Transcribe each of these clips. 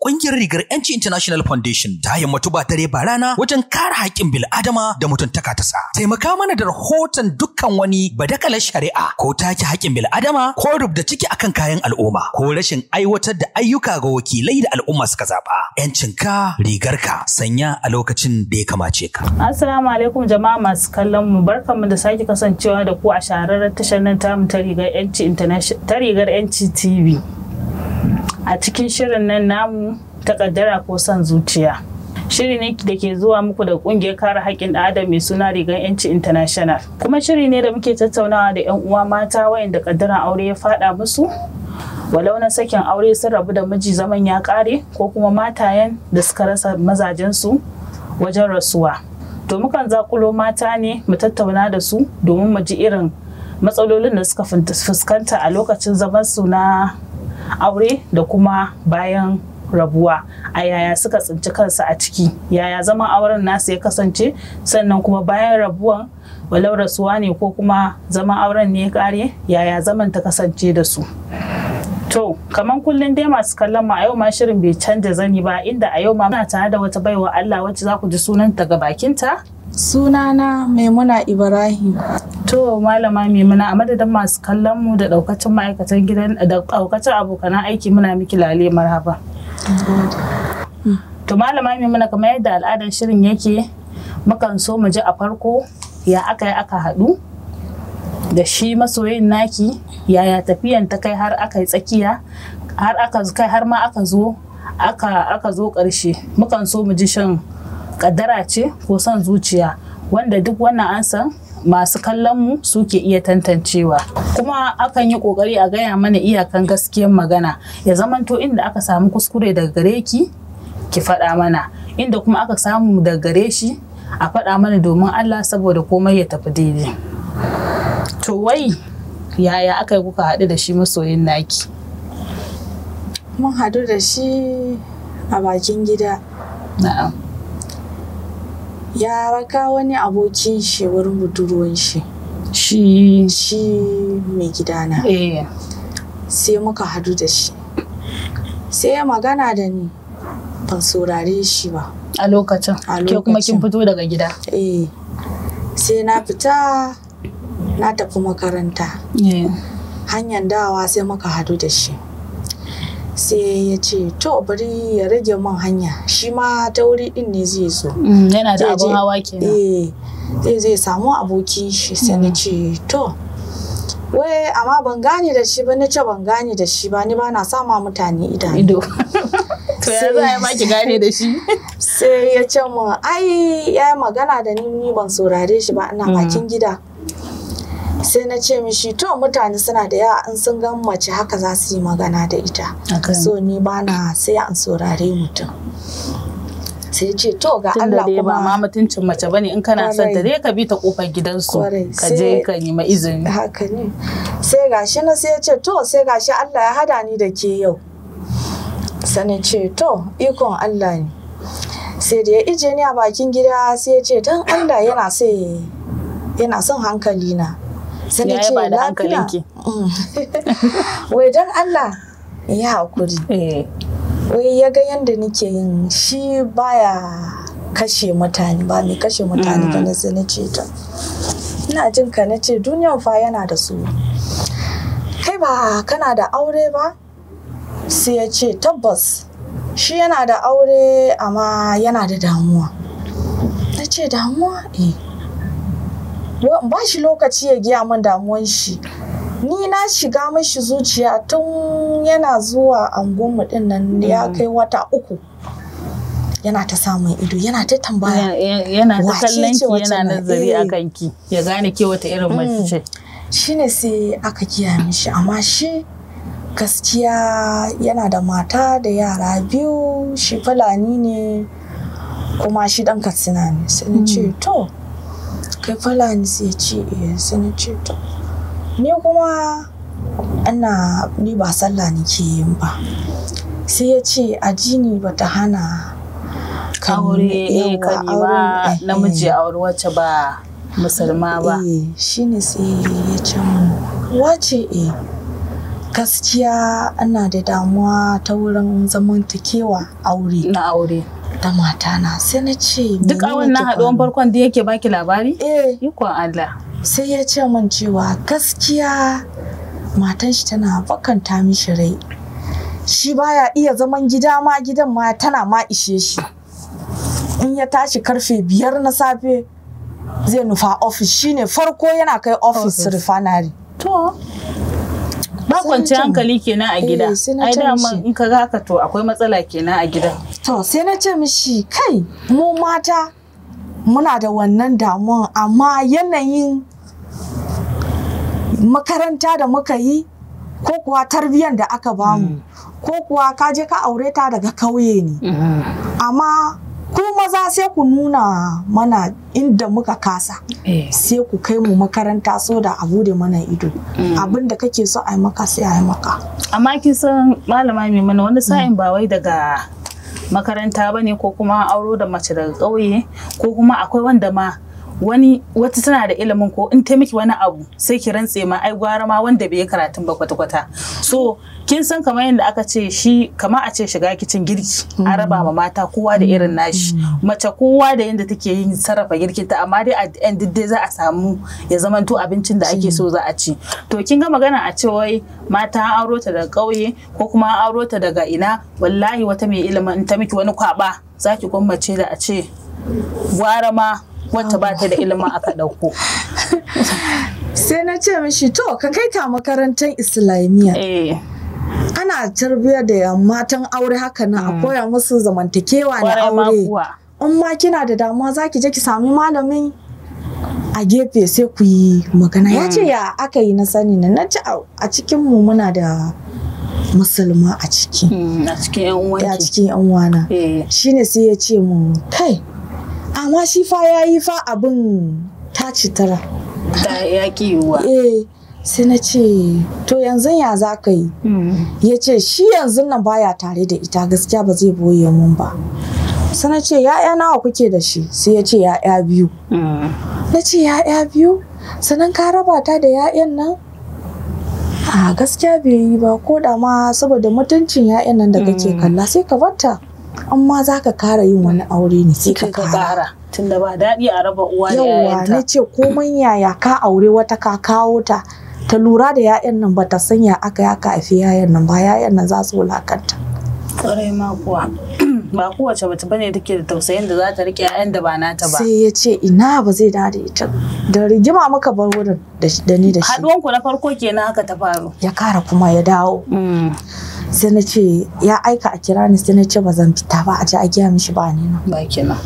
Ƙungiyar Rigar 'Yanci International Foundation ta yammatu ba dare ba rana wajen kare haƙƙin bil adama da mutuntaka ta sa. Taimaka mana da rahoton dukkan wani badakalar shari'a ko take haƙƙin bil adama, ko rubda ciki akan kayan al'umma ko rashin aiwatar da ayyuka ga wakilai da al'umma suka zaɓa. 'Yancinka rigarka sanya a lokacin da ya kamace ka. Assalamu alaikum jama'a masu kallon mu barkanmu da sake kasancewa da ku a shahararren tashar nan tamu ta rigar 'yanci TV. a cikin shirin nan namu ta kaddara ko son zuciya. Shiri ne da ke zuwa muku da kungiyar kare haƙƙin ɗan adam mai suna rigar yanci international. Kuma shiri ne da muke tattaunawa da 'yan uwa mata wayanda kaddaran aure ya faɗa musu wa na sakin aure sun rabu da miji zaman ya ƙare ko kuma matayen da suka rasa mazajensu wajen rasuwa. To mukan zakulo mata ne mu tattauna da su domin mu ji irin matsalolin da suka fuskanta a lokacin zaman su na aure da kuma bayan rabuwa a yaya suka tsinci kansu a ciki yaya zaman auren nasu ya kasance sannan kuma bayan rabuwan walau rasuwa ne ko kuma zaman auren ne ya kare yaya zaman ta kasance da su to kamar kullum dai masu kallon ma a yau ma shirin bai canja zani ba inda a yau ma muna tare da wata baiwa Allah wacce za ku ji sunanta ga bakinta Sunana Maimuna Ibrahim. To malama Maimuna a madadin masu kallon mu da daukacin ma'aikatan gidan da daukacin abokan aiki muna miki lale marhaba. To malama Maimuna kamar yadda al'adar shirin yake mukan so mu ji a farko ya aka yi aka haɗu da shi masoyin naki yaya tafiyan ta kai har aka yi tsakiya har aka kai har ma aka zo aka zo ƙarshe mukan so mu ji shan kaddara ce ko son zuciya wanda duk wannan ansan masu kallon mu suke iya tantancewa kuma akan yi kokari a gaya mana iyakan gaskiyar magana ya zamanto inda aka samu kuskure daga gare ki ki faɗa mana inda kuma aka samu daga gare shi a faɗa mana domin Allah saboda komai ya tafi daidai to wai yaya aka yi kuka haɗu da shi masoyin naki mun haɗu da shi a bakin gida na'am ya raka wani abokin shi wurin budurwan shi shi shi mai gidana eh. sai muka hadu da shi sai ya magana da ni ban saurare shi ba a lokacin ke kuma kin fito daga gida eh sai na fita na tafi makaranta eh. hanyar dawa sai muka hadu da shi sai ya ce to bari ya rage man hanya shi ma ta wuri din ne zai zo mm, yana da abin hawa ke eh, eh zai zai samu aboki shi sai na mm. ce to wai amma ban gane da shi ba na ce ban gane da shi ba ni ba na sama mutane idanu to ya za ya maki gane da shi sai ya ce mu ai ya magana da ni ban saurare shi ba ina mm. bakin gida sai na ce mishi to mutane suna da yawa in sun gan mace haka za su yi magana da ita so ni ba na sai an saurare mutum sai ce to ga Allah kuma ba ma mutuncin mace bane in kana son ta dai ka bi ta kofar gidansu ka je ka nima izini haka ne sai gashi na sai ce to sai gashi Allah ya hada ni da ke yau Sani ce to ikon Allah ne sai da ya ije ni a bakin gida sai ya ce dan Allah yana sai yana son hankali na sai ce lafiya wai don Allah ya hakuri eh. wai ya ga yadda nake yin shi baya kashe mutane ba mai kashe mutane ba mm. sai na ce ta ina jin ka na ce duniyan fa yana da su kai ba kana da aure ba sai ya ce tabbas shi yana da aure amma yana da damuwa na ce damuwa eh ba shi lokaci ya giya min damuwan shi ni na shiga shi zuciya tun yana zuwa angonmu din nan ya mm. kai wata uku yana ta samun ido yana ta tambaya yana ta kallon ki yana nazari a eh. kanki ya gane ke wata irin mm. mace ce shine sai aka kiya mishi amma shi gaskiya yana da mata da yara biyu shi fulani ne kuma shi dan katsina ne sai ce mm. to Palanis ya ce eh sai na ce to ni kuma ana ni ba sallah nake yin ba sai ya ce ajini ba ta hana aure eh ka ba namiji aure wacce ba musulma ba eh shine sai ya ce wace eh gaskiya ana da damuwa ta wurin zamantakewa aure na aure ta mata na sai na ce duk a wannan haɗuwan farkon da yake baki labari eh ikon Allah sai ya ce min cewa gaskiya matan shi tana bakanta mishi rai shi baya iya zaman gida ma gidan ma tana ma ishe shi in ya tashi karfe biyar na safe zai nufa ofis shine farko yana kai ofis refinery to ba kwanci hankali kenan a gida eh, ai da in ka ga haka to akwai matsala kenan a gida to sai na ce mishi kai mu mata muna da wannan damuwan amma yanayin makaranta da muka yi ko kuwa tarbiyyar da aka bamu mm. ko kuwa ka je ka aure ta daga kauye ne mm. amma ku maza sai ku nuna mana inda muka kasa eh. sai ku kai mu makaranta so da a bude mana ido mm. abin da kake so a yi maka sai a yi maka amma kin san malama mai mana wani sa'in ba wai daga makaranta bane ko kuma an auro da mace daga ƙauye ko kuma akwai wanda ma wani wata tana da ilimin ko in ta miki wani abu sai ki rantse ma ai gwara ma wanda bai karatun ba kwata-kwata so kin san kamar yadda aka ce shi kamar a ce shiga kicin girki a mm. raba ma mata kowa da irin mm. nashi mm. mace kowa da yadda take yin sarrafa girkin ta amma dai a end dai za a samu ya zamanto abincin da ake so za a ci to kin ga magana a ce wai mata an auro ta daga ƙauye ko kuma an auro ta daga ina wallahi wata mai ilimin ta miki wani kwaba zaki gwammace da a ce gwara ma wacce ba ta da ilimin aka ɗauko. sai na ce mishi to ka kai ta makarantar islamiyya eh. ana tarbiyyar da matan aure haka na a mm. koya musu zamantakewa na aure in ma kina da damuwa za ki je ki sami malamin a gefe sai ku yi magana ya ce mm. ya aka yi na sani na ce a cikin mu muna da musulma a ciki mm, a cikin yan uwana eh. shine sai ya ce mu kai amma shi fa ya yi fa abin ta citara da ya ki eh sai na ce to yanzu ya za ka yi hmm. ya ce shi yanzu nan baya tare da ita gaskiya ba zai boye mun ba sai na ce ya'ya nawa kuke da shi sai ya ce ya'ya biyu hmm. na ce ya'ya biyu sanan ka raba ta da ya'yan nan a gaskiya bai yi ba ko da ma saboda mutuncin ya'yan nan da kake hmm. kalla sai ka barta amma za ka kara yin wani aure ne sai ka kara tunda ba daɗi a raba uwa da yayanta yawa ce komai yaya ka aure wata ka kawo ta ta lura da yayan nan bata san ya aka ya ka afi yayan nan ba yayan nan za su wulakanta kwarai ma kuwa ba kowace mace bane take da tausayin da za ta rike yayan da ba nata ba sai ya ce ina ba zai da da ita da rigima muka bar wurin da ni da shi haduwan ku na farko kenan haka ta faru ya kara kuma ya dawo mm. sai na ce ya aika a kira ni sai na ce ba zan fita ba a je a giya mishi ba ni nan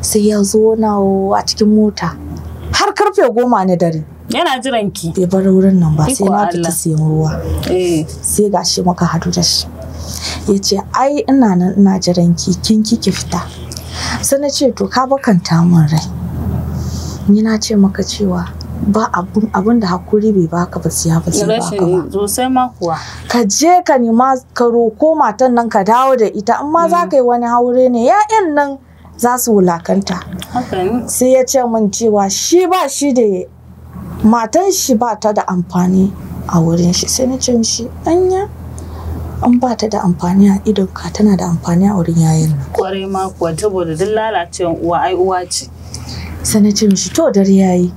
sai ya zo na a cikin mota har karfe goma na dare yana jiran ki bai bar wurin nan ba sai na fita sayan ruwa eh. sai gashi muka hadu da shi ya ce ai ina nan ina jiran ki kin ki ki fita sai na ce to ka bakanta min rai ni na ce maka cewa ba abun abun da hakuri bai baka ba siya ba sai baka ba sosai ma kuwa ka je ka nima ka roko matan nan ka dawo da ita in ma za mm. ka yi wani haure ne ya'yan nan za su wulakanta sai ya ce min cewa shi ba shi da matan shi ba ta da amfani a wurin shi sai na ce mishi anya an ba ta da amfani a idon ka tana da amfani a wurin yayin nan kwarai ma kuwa saboda duk lalacewan uwa ai uwa ce sai na ce mishi to dare yayi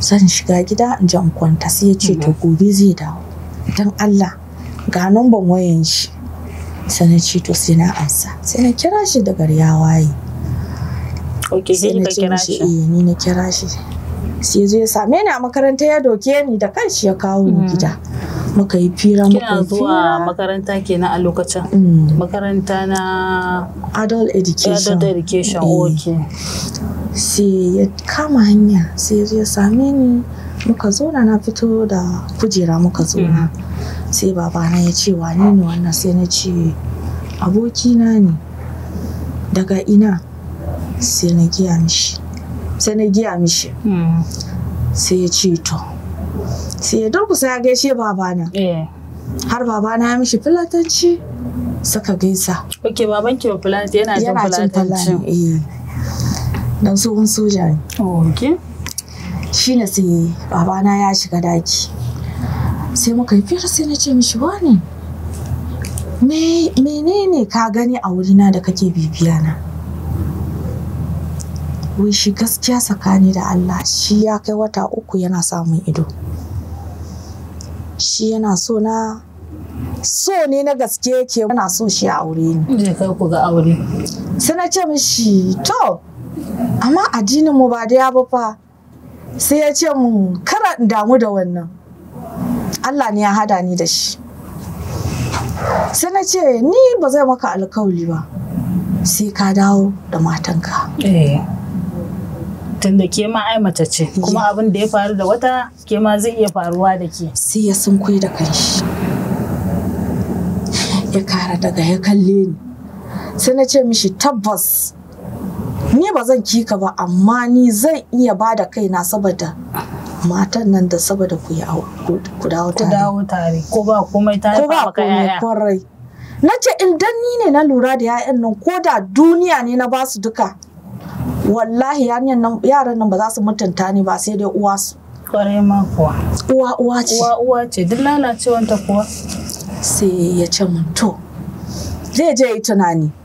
zan shiga gida in jan kwanta sai ya ce to mhm. gobe zai dawo don Allah ga numban wayan shi sai na ce to sai na ansa sai na kira shi da gari ya waye sai na ce mishi eh ni na kira shi sai zai same ni a makaranta ya doke ni da kanshi ya kawo ni mhm. gida muka yi fira muka yi fira zuwa makaranta kenan a lokacin mm. makaranta na adult education adult education eh. okay sai ya kama hanya sai ya ya same ni muka zauna na fito da kujera muka zauna mm-hmm. sai babana ya ce wane ne wannan sai na ce abokina ne daga ina sai na giya mishi sai na giya mishi mm-hmm. sai ya ce to sai ya durkusa ya gaishe babana eh. har babana ya mishi filatanci suka gaisa ok babanki ba filatanci yana jin filatanci dan tsohon soja ne Okay. shi na sai babana ya shiga daki sai muka yi fira sai na ce mishi wani menene ka gani a wurina da kake bibiya na wai shi gaskiya tsakani da Allah shi ya kai wata uku yana samun ido shi yana so na so ne na gaske yake yana so shi a aure ni. Je kai ku ga aure. Sai na ce mishi to amma addinin mu ba daya ba fa sai ya ce mu kara damu da wannan Allah ne ya hada ni da shi sai na ce ni ba zai maka alkawali ba sai ka dawo da matanka eh. tunda ke ma aimata ce kuma abin da ya faru da wata ke ma zai iya faruwa da ke sai ya sun da kanshi ya kara daga ya kalle ni sai na ce mishi tabbas ni ba zan ki ka ba amma ni zan iya ba da kaina saboda matan nan da saboda ku yi ku dawo tare. Ku dawo tare ko ba komai ta haifa maka Ko ba komai Na ce idan ni ne na lura da 'ya'yan nan ko da duniya ne na basu duka wallahi yaran nan ba za su mutunta ni ba sai dai uwa su. Kwarai ma kuwa. Uwa uwa ce. Uwa uwa ce duk lalacewanta kuwa. Sai ya ce mun to zai je yi tunani.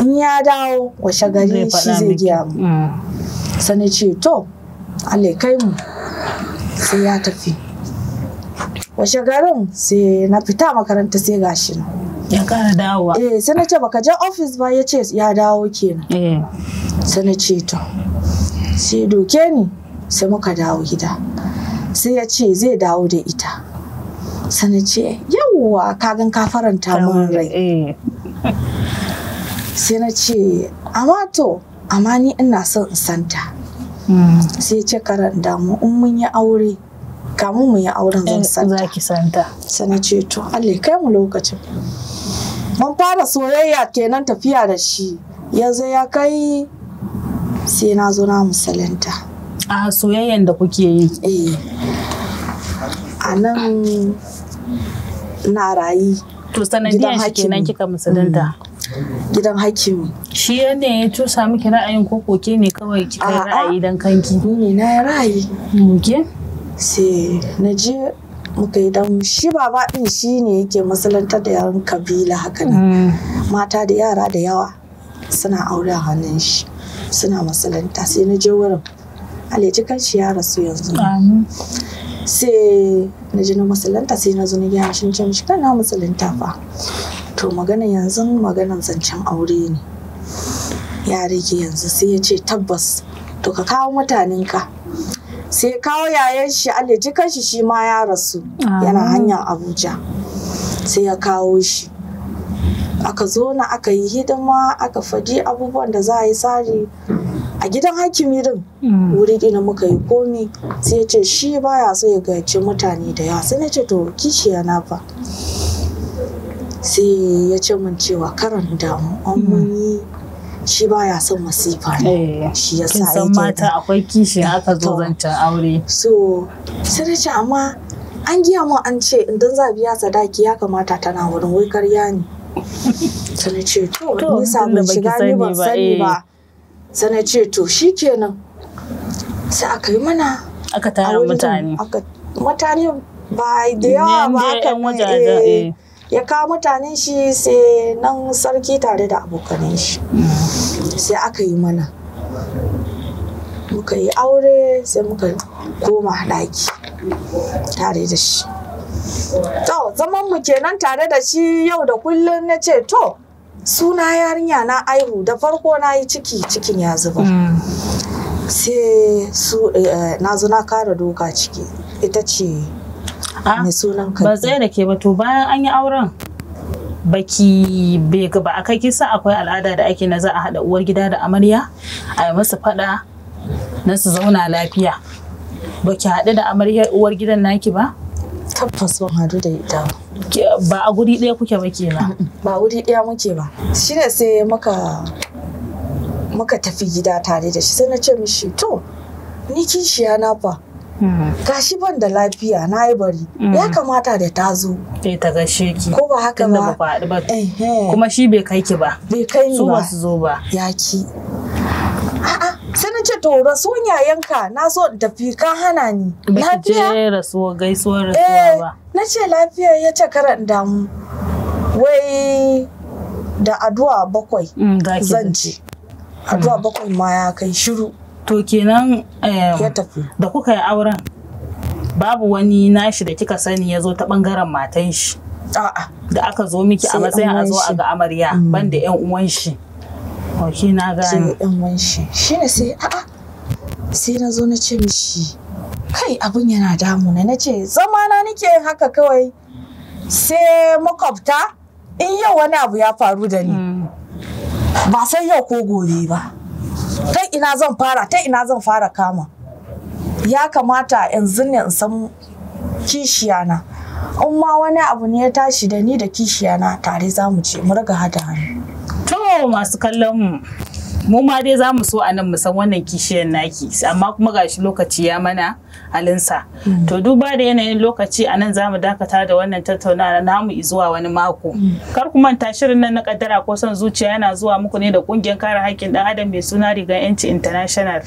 in ya dawo washe gari shi zai giya mu mm. sani ce to Allah kai mu sai ya tafi washe garin sai na fita makaranta sai gashi na ya kara dawowa eh sai na ce baka je ofis ba ya ce ya dawo kenan eh. na. Sani ce to sai doke ni sai muka dawo gida sai ya ce zai dawo da ita Sani ce yawwa kagan ka faranta mun rai eh. sai na ce amma to amma ni ina son in santa hmm. sai ce karan damu in mun yi aure mun mu yi auren zan eh, santa za ki santa sai na ce to Allah kai mu lokacin mun fara soyayya kenan tafiya da shi yanzu ya kai sai na zo na musalanta a soyayyan da kuke yi eh a nan na rayi to sanadiyan shi kenan kika musulunta hmm. gidan hakimi. Shi ne ya cusa miki ra'ayin ko koke ne kawai kika ra'ayi dan kanki? Ni ne na ra'ayi. Muke? Sai na je muka yi dan shi baba din shi ne yake masalantar da yaran kabila haka nan. Mm. Mata da yara da yawa suna aure a hannun shi suna masalanta sai na je wurin. Alhaji kan shi ya rasu yanzu. Sai na je na masalanta sai na zo na gyara shi na ce mishi kana masalanta fa. to magana yanzu maganan zancen aure ne ya rage yanzu sai ya ce tabbas to ka kawo mutanenka sai kawo yayan shi alaji kanshi shi ma ya rasu yana ah. hanyar abuja sai ya kawo shi aka zo na aka yi hidima aka faɗi abubuwan da za a yi tsari a gidan hakimi din hmm. wuri ɗin muka yi komi sai ya ce shi baya so ya gayyace mutane da yawa sai na ce to kishiya na fa sai ya ce min cewa karan damu an mun hmm. yi shi baya son masifa ne eh, shi ya sa yake mata akwai kishi aka zo zancen aure so sai ce amma an giya mu an ce idan za biya sadaki ya kamata tana wurin wai karya ne sai ce to ni samu shiga ni ban sani ba eh. sai ce to shikenan sai aka yi mana aka tara mutane mutane ba da yawa ba aka wajajen eh. ya kawo mutanen shi sai nan sarki tare da abokanan shi sai aka yi mana muka yi aure sai muka koma ɗaki tare da shi to zaman mu kenan tare da shi yau da kullum na ce to suna yarinya na aihu da farko na yi ciki cikin ya zuba mm. sai su eh, na zo na kara doka ciki ita ce mai sunan ka ba tsaye da ke ba to bayan an yi auren baki bai ba a kai kisa akwai al'ada da ake na za a haɗa uwar gida da amarya a yi masa faɗa na su zauna lafiya baki haɗu da amaryar uwar gidan naki ba tabbas ban haɗu da ita ba a guri ɗaya kuke ba kenan ba guri ɗaya muke ba shine sai muka muka tafi gida tare da shi sai na ce mishi to ni kishiya na fa gashi ban da lafiya na yi bari ya mm. kamata da ta zo ta gashe ki ko ba haka ba kuma shi bai kai ki ba bai kai ni ba su zo ba ya ki a'a sai na ce to rasuwan yayanka na so tafi ka hana ni lafiya je rasuwa gaisuwar rasuwa eh, ba na ce lafiya ya ce karan damu wai da addu'a bakwai mm, zan ci addu'a bakwai ma ya kai shiru to kenan da kuka yi auren babu wani nashi da kika sani ya zo ta bangaren matan shi da aka zo miki a matsayin a zo a ga amarya mm. da yan uwan shi ok na gane yan uwan shi ne sai a'a sai na zo na ce mishi kai abun yana damu na ce zamana nake haka kawai sai makwabta in yau wani abu ya faru da ni mm. ba sai yau ko gobe ba ta ina zan fara ta ina zan fara kama ya kamata yanzu ne in san kishiyana in ma wani abu ne ya tashi da ni da kishiyana tare za mu ce mu riga hada hannu to masu kallon mu mu ma dai za mu so a nan san wannan kishiyar naki amma kuma gashi lokaci ya mana halinsa mm. to duba da yanayin lokaci a nan za mu dakata da wannan tattaunawa namu zuwa wani mako mm. kar ku manta shirin nan na kaddara ko son zuciya yana zuwa muku ne da kungiyar kare haƙƙin ɗan adam mai suna rigar yanci international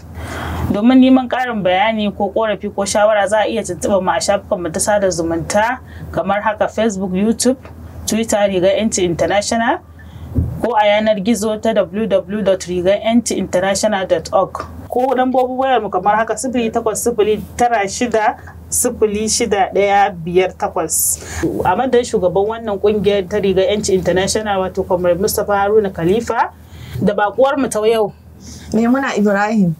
domin neman ƙarin bayani ko korafi ko shawara za a iya tuntuɓa mu a shafukan mu ta sada zumunta kamar haka facebook youtube twitter rigar yanci international ko a yanar gizo ta www.rigayencinternational.org ko lambobin wayar mu kamar haka sifili takwas tara shida sifili shida ɗaya biyar takwas a madadin shugaban wannan kungiyar ta riga yanci international wato kamar mustapha haruna khalifa da bakuwar mu ta yau ne muna ibrahim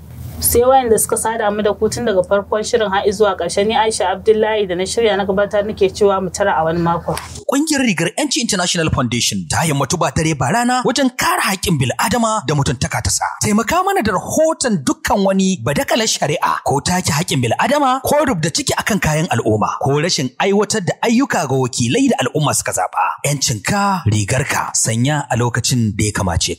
sai wayanda suka sada mu da kutun daga farkon shirin har zuwa ƙarshe ni Aisha Abdullahi da na shirya na gabatar nake cewa mu tara a wani mako. Kungiyar rigar Yanci International Foundation ta yi ba dare ba rana wajen kare haƙƙin bil'adama da mutuntaka ta sa. Taimaka mana da rahoton dukkan wani badakalar shari'a ko take haƙƙin bil'adama ko rubda ciki akan kayan al'umma ko rashin aiwatar da ayyuka ga wakilai da al'umma suka zaɓa. Yancinka rigarka sanya a lokacin da ya kamace ka.